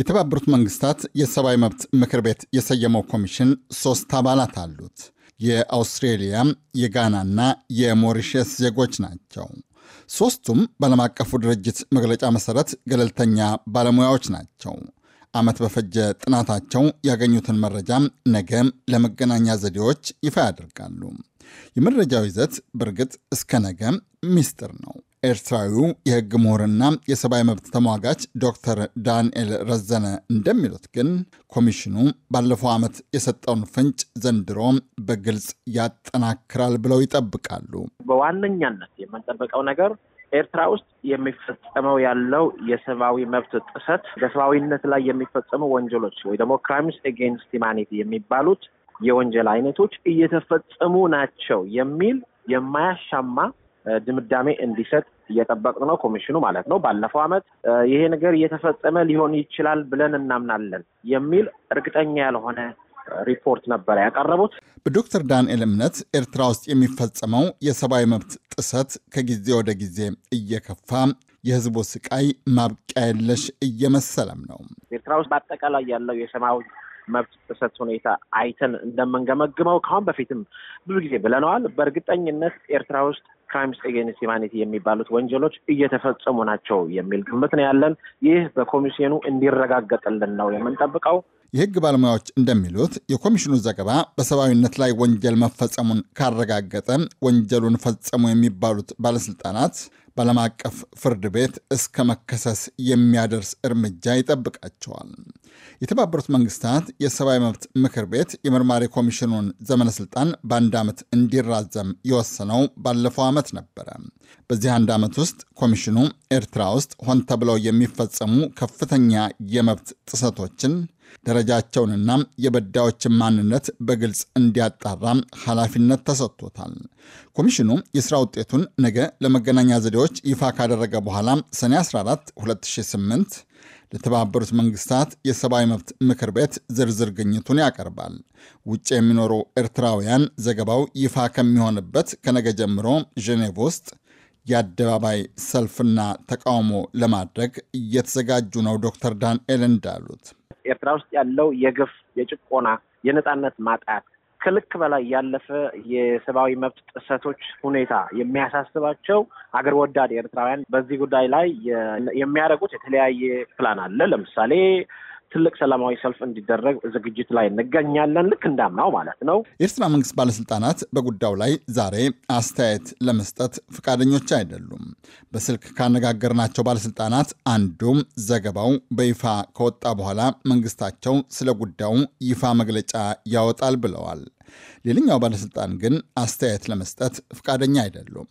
የተባበሩት መንግስታት የሰብአዊ መብት ምክር ቤት የሰየመው ኮሚሽን ሶስት አባላት አሉት። የአውስትሬሊያ የጋናና የሞሪሸስ ዜጎች ናቸው። ሦስቱም በዓለም አቀፉ ድርጅት መግለጫ መሠረት ገለልተኛ ባለሙያዎች ናቸው። ዓመት በፈጀ ጥናታቸው ያገኙትን መረጃም ነገም ለመገናኛ ዘዴዎች ይፋ ያደርጋሉ። የመረጃው ይዘት በእርግጥ እስከ ነገም ሚስጥር ነው። ኤርትራዊው የህግ ምሁርና የሰብአዊ መብት ተሟጋች ዶክተር ዳንኤል ረዘነ እንደሚሉት ግን ኮሚሽኑ ባለፈው ዓመት የሰጠውን ፍንጭ ዘንድሮ በግልጽ ያጠናክራል ብለው ይጠብቃሉ። በዋነኛነት የምንጠብቀው ነገር ኤርትራ ውስጥ የሚፈጸመው ያለው የሰብአዊ መብት ጥሰት በሰብአዊነት ላይ የሚፈጸሙ ወንጀሎች ወይ ደግሞ ክራይምስ ኤጌንስት ሂማኒቲ የሚባሉት የወንጀል አይነቶች እየተፈጸሙ ናቸው የሚል የማያሻማ ድምዳሜ እንዲሰጥ እየጠበቅን ነው። ኮሚሽኑ ማለት ነው። ባለፈው ዓመት ይሄ ነገር እየተፈጸመ ሊሆን ይችላል ብለን እናምናለን የሚል እርግጠኛ ያልሆነ ሪፖርት ነበር ያቀረቡት። በዶክተር ዳንኤል እምነት ኤርትራ ውስጥ የሚፈጸመው የሰብአዊ መብት ጥሰት ከጊዜ ወደ ጊዜ እየከፋ የህዝቡ ስቃይ ማብቂያ የለሽ እየመሰለም ነው። ኤርትራ ውስጥ በአጠቃላይ ያለው የሰብአዊ መብት ጥሰት ሁኔታ አይተን እንደምንገመግመው ከአሁን በፊትም ብዙ ጊዜ ብለነዋል። በእርግጠኝነት ኤርትራ ውስጥ ክራይምስ ኤጌንስት ሂውማኒቲ የሚባሉት ወንጀሎች እየተፈጸሙ ናቸው የሚል ግምት ነው ያለን። ይህ በኮሚሽኑ እንዲረጋገጥልን ነው የምንጠብቀው። የህግ ባለሙያዎች እንደሚሉት የኮሚሽኑ ዘገባ በሰብአዊነት ላይ ወንጀል መፈጸሙን ካረጋገጠ ወንጀሉን ፈጸሙ የሚባሉት ባለስልጣናት በዓለም አቀፍ ፍርድ ቤት እስከ መከሰስ የሚያደርስ እርምጃ ይጠብቃቸዋል። የተባበሩት መንግስታት የሰብአዊ መብት ምክር ቤት የመርማሪ ኮሚሽኑን ዘመነ ስልጣን በአንድ ዓመት እንዲራዘም የወሰነው ባለፈው ዓመት ዓመት ነበረ። በዚህ አንድ ዓመት ውስጥ ኮሚሽኑ ኤርትራ ውስጥ ሆን ተብለው የሚፈጸሙ ከፍተኛ የመብት ጥሰቶችን ደረጃቸውንና የበዳዮችን ማንነት በግልጽ እንዲያጣራ ኃላፊነት ተሰጥቶታል። ኮሚሽኑ የሥራ ውጤቱን ነገ ለመገናኛ ዘዴዎች ይፋ ካደረገ በኋላ ሰኔ 14 2008 ለተባበሩት መንግስታት የሰብአዊ መብት ምክር ቤት ዝርዝር ግኝቱን ያቀርባል። ውጭ የሚኖሩ ኤርትራውያን ዘገባው ይፋ ከሚሆንበት ከነገ ጀምሮ ዥኔቭ ውስጥ የአደባባይ ሰልፍና ተቃውሞ ለማድረግ እየተዘጋጁ ነው። ዶክተር ዳንኤል እንዳሉት ኤርትራ ውስጥ ያለው የግፍ የጭቆና የነፃነት ማጣት ከልክ በላይ ያለፈ የሰብአዊ መብት ጥሰቶች ሁኔታ የሚያሳስባቸው አገር ወዳድ ኤርትራውያን በዚህ ጉዳይ ላይ የሚያደርጉት የተለያየ ፕላን አለ። ለምሳሌ ትልቅ ሰላማዊ ሰልፍ እንዲደረግ ዝግጅት ላይ እንገኛለን። ልክ እንዳምናው ማለት ነው። የኤርትራ መንግስት ባለስልጣናት በጉዳዩ ላይ ዛሬ አስተያየት ለመስጠት ፈቃደኞች አይደሉም። በስልክ ካነጋገርናቸው ባለስልጣናት አንዱም ዘገባው በይፋ ከወጣ በኋላ መንግስታቸው ስለ ጉዳዩ ይፋ መግለጫ ያወጣል ብለዋል። ሌላኛው ባለስልጣን ግን አስተያየት ለመስጠት ፈቃደኛ አይደሉም።